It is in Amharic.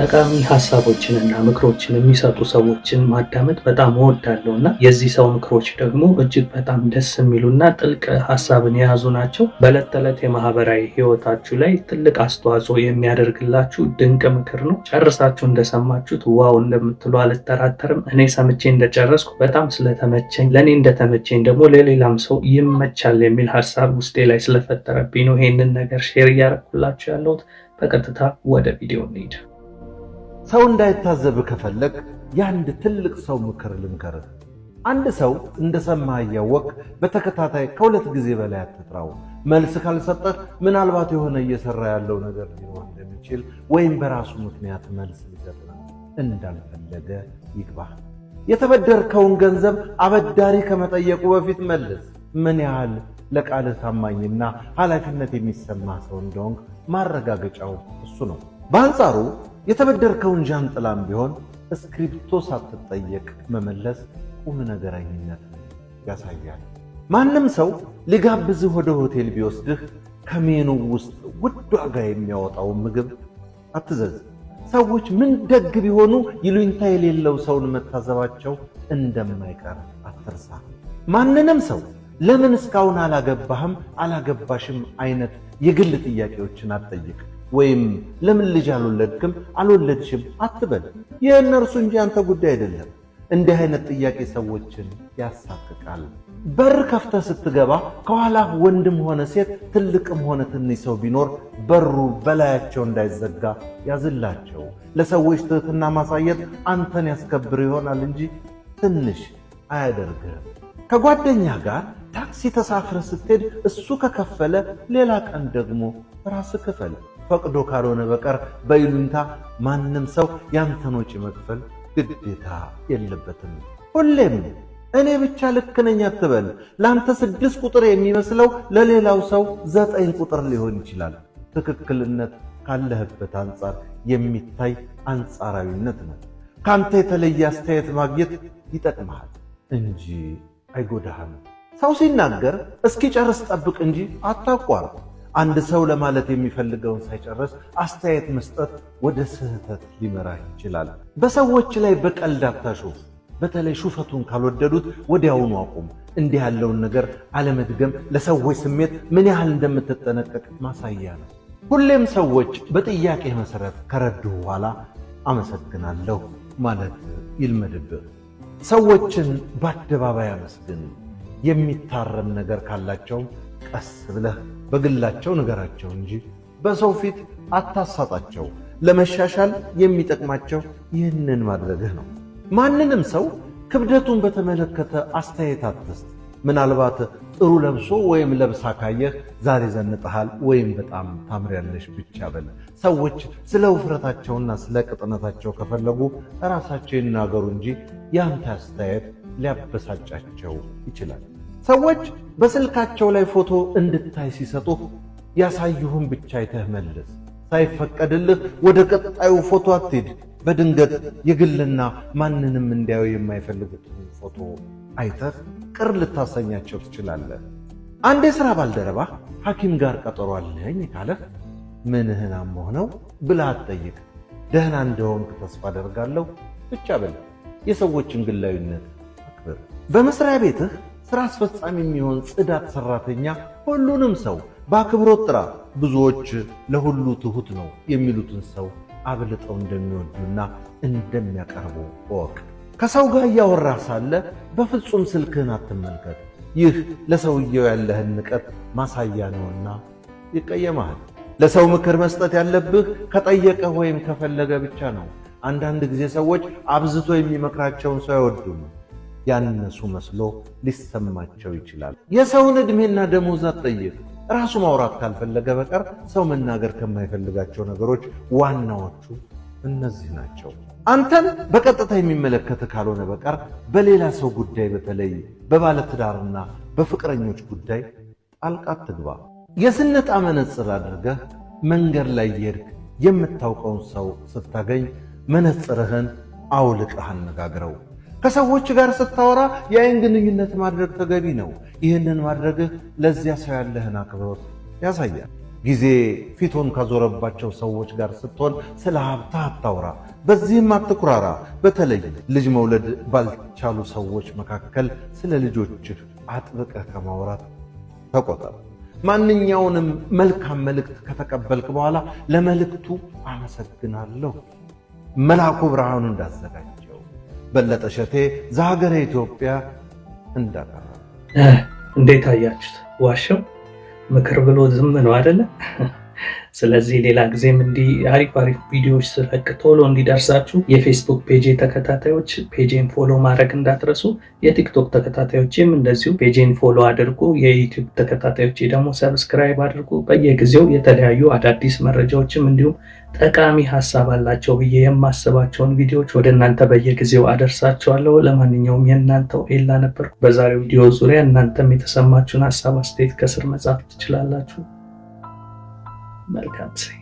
ጠቃሚ ሀሳቦችን እና ምክሮችን የሚሰጡ ሰዎችን ማዳመጥ በጣም እወዳለሁ እና የዚህ ሰው ምክሮች ደግሞ እጅግ በጣም ደስ የሚሉና ጥልቅ ሀሳብን የያዙ ናቸው። በዕለት ተዕለት የማህበራዊ ህይወታችሁ ላይ ትልቅ አስተዋጽኦ የሚያደርግላችሁ ድንቅ ምክር ነው። ጨርሳችሁ እንደሰማችሁት ዋው እንደምትሉ አልጠራጠርም። እኔ ሰምቼ እንደጨረስኩ በጣም ስለተመቸኝ፣ ለእኔ እንደተመቸኝ ደግሞ ለሌላም ሰው ይመቻል የሚል ሀሳብ ውስጤ ላይ ስለፈጠረብኝ ነው ይሄንን ነገር ሼር እያረኩላችሁ ያለሁት። በቀጥታ ወደ ቪዲዮ እንሂድ። ሰው እንዳይታዘብ ከፈለግ የአንድ ትልቅ ሰው ምክር ልምከር። አንድ ሰው እንደሰማህ እያወቅ በተከታታይ ከሁለት ጊዜ በላይ አትጥራው። መልስ ካልሰጠህ ምናልባት የሆነ እየሰራ ያለው ነገር ሊሆን እንደሚችል ወይም በራሱ ምክንያት መልስ ሊሰጥ እንዳልፈለገ ይግባህ። የተበደርከውን ገንዘብ አበዳሪ ከመጠየቁ በፊት መልስ። ምን ያህል ለቃልህ ታማኝና ኃላፊነት የሚሰማህ ሰው እንደሆንክ ማረጋገጫው እሱ ነው። በአንጻሩ የተበደርከውን ጃንጥላም ቢሆን እስክሪብቶ ሳትጠየቅ መመለስ ቁም ነገረኝነት ያሳያል። ማንም ሰው ሊጋብዝህ ወደ ሆቴል ቢወስድህ ከሜኑ ውስጥ ውድ ዋጋ የሚያወጣውን ምግብ አትዘዝ። ሰዎች ምን ደግ ቢሆኑ ይሉኝታ የሌለው ሰውን መታዘባቸው እንደማይቀር አትርሳ። ማንንም ሰው ለምን እስካሁን አላገባህም አላገባሽም አይነት የግል ጥያቄዎችን አትጠይቅ። ወይም ለምን ልጅ አልወለድክም አልወለድሽም አትበል። የእነርሱ እንጂ አንተ ጉዳይ አይደለም። እንዲህ አይነት ጥያቄ ሰዎችን ያሳቅቃል። በር ከፍተህ ስትገባ ከኋላ ወንድም ሆነ ሴት ትልቅም ሆነ ትንሽ ሰው ቢኖር በሩ በላያቸው እንዳይዘጋ ያዝላቸው። ለሰዎች ትህትና ማሳየት አንተን ያስከብር ይሆናል እንጂ ትንሽ አያደርግህም። ከጓደኛ ጋር ታክሲ ተሳፍረህ ስትሄድ እሱ ከከፈለ ሌላ ቀን ደግሞ ራስ ክፈል። ፈቅዶ ካልሆነ በቀር በይሉኝታ ማንም ሰው ያንተን ወጪ መክፈል ግዴታ የለበትም። ሁሌም እኔ ብቻ ልክ ነኝ አትበል። ለአንተ ስድስት ቁጥር የሚመስለው ለሌላው ሰው ዘጠኝ ቁጥር ሊሆን ይችላል። ትክክልነት ካለህበት አንጻር የሚታይ አንጻራዊነት ነው። ከአንተ የተለየ አስተያየት ማግኘት ይጠቅመሃል እንጂ አይጎዳህም። ሰው ሲናገር እስኪ ጨርስ ጠብቅ እንጂ አታቋርጥ። አንድ ሰው ለማለት የሚፈልገውን ሳይጨርስ አስተያየት መስጠት ወደ ስህተት ሊመራ ይችላል። በሰዎች ላይ በቀልድ አታሹፍ። በተለይ ሹፈቱን ካልወደዱት ወዲያውኑ አቁም። እንዲህ ያለውን ነገር አለመድገም ለሰዎች ስሜት ምን ያህል እንደምትጠነቀቅ ማሳያ ነው። ሁሌም ሰዎች በጥያቄ መሰረት ከረዱ በኋላ አመሰግናለሁ ማለት ይልመድብህ። ሰዎችን በአደባባይ አመስግን። የሚታረም ነገር ካላቸውም ቀስ ብለህ በግላቸው ንገራቸው እንጂ በሰው ፊት አታሳጣቸው። ለመሻሻል የሚጠቅማቸው ይህንን ማድረግህ ነው። ማንንም ሰው ክብደቱን በተመለከተ አስተያየት አትስጥ። ምናልባት ጥሩ ለብሶ ወይም ለብሳ ካየህ ዛሬ ዘንጠሃል ወይም በጣም ታምሪያለሽ ብቻ በል። ሰዎች ስለ ውፍረታቸውና ስለ ቅጥነታቸው ከፈለጉ ራሳቸው ይናገሩ እንጂ የአንተ አስተያየት ሊያበሳጫቸው ይችላል። ሰዎች በስልካቸው ላይ ፎቶ እንድታይ ሲሰጡህ ያሳዩህን ብቻ አይተህ መልስ። ሳይፈቀድልህ ወደ ቀጣዩ ፎቶ አትሄድ በድንገት የግልና ማንንም እንዲያዩ የማይፈልጉትን ፎቶ አይተህ ቅር ልታሰኛቸው ትችላለህ። አንድ የሥራ ባልደረባ ሐኪም ጋር ቀጠሮ አለኝ ካለ ምንህን አሞህ ነው ብለህ አትጠይቅ። ደህና እንደሆንክ ተስፋ አደርጋለሁ ብቻ በል። የሰዎችን ግላዊነት አክብር። በመስሪያ ቤትህ ስራ አስፈጻሚ የሚሆን ጽዳት ሰራተኛ ሁሉንም ሰው በአክብሮት ጥራ፣ ብዙዎች ለሁሉ ትሁት ነው የሚሉትን ሰው አብልጠው እንደሚወዱና እንደሚያቀርቡ እወቅ። ከሰው ጋር እያወራ ሳለ በፍጹም ስልክህን አትመልከት። ይህ ለሰውየው ያለህን ንቀት ማሳያ ነውና ይቀየመሃል። ለሰው ምክር መስጠት ያለብህ ከጠየቀ ወይም ከፈለገ ብቻ ነው። አንዳንድ ጊዜ ሰዎች አብዝቶ የሚመክራቸውን ሰው አይወዱም። ያነሱ መስሎ ሊሰማቸው ይችላል። የሰውን ዕድሜና ደሞዝ አትጠይቅ። ራሱ ማውራት ካልፈለገ በቀር ሰው መናገር ከማይፈልጋቸው ነገሮች ዋናዎቹ እነዚህ ናቸው። አንተን በቀጥታ የሚመለከት ካልሆነ በቀር በሌላ ሰው ጉዳይ፣ በተለይ በባለትዳርና በፍቅረኞች ጉዳይ ጣልቃ አትግባ። የስነጣ መነጽር አድርገህ መንገድ ላይ የሄድክ የምታውቀውን ሰው ስታገኝ መነጽርህን አውልቀህ አነጋግረው። ከሰዎች ጋር ስታወራ የአይን ግንኙነት ማድረግ ተገቢ ነው። ይህንን ማድረግህ ለዚያ ሰው ያለህን አክብሮት ያሳያል። ጊዜ ፊቱን ካዞረባቸው ሰዎች ጋር ስትሆን ስለ ሀብታ አታውራ፣ በዚህም አትኩራራ። በተለይ ልጅ መውለድ ባልቻሉ ሰዎች መካከል ስለ ልጆችህ አጥብቀህ ከማውራት ተቆጠር። ማንኛውንም መልካም መልእክት ከተቀበልክ በኋላ ለመልእክቱ አመሰግናለሁ መልአኩ ብርሃኑ እንዳዘጋጅ በለጠ ሸቴ ዘሀገረ ኢትዮጵያ እንዳቀረበ እንዴት አያችሁት? ዋሸው ምክር ብሎ ዝም ነው አይደለ? ስለዚህ ሌላ ጊዜም እንዲህ አሪፍ አሪፍ ቪዲዮዎች ስለቅ ቶሎ እንዲደርሳችሁ የፌስቡክ ፔጅ ተከታታዮች ፔጅን ፎሎ ማድረግ እንዳትረሱ። የቲክቶክ ተከታታዮችም እንደዚሁ ፔጅን ፎሎ አድርጉ። የዩቲዩብ ተከታታዮች ደግሞ ሰብስክራይብ አድርጉ። በየጊዜው የተለያዩ አዳዲስ መረጃዎችም እንዲሁም ጠቃሚ ሀሳብ አላቸው ብዬ የማስባቸውን ቪዲዮዎች ወደ እናንተ በየጊዜው አደርሳቸዋለሁ። ለማንኛውም የእናንተው ኤላ ነበርኩ። በዛሬው ቪዲዮ ዙሪያ እናንተም የተሰማችሁን ሀሳብ አስተያየት ከስር መጻፍ ትችላላችሁ። መልካም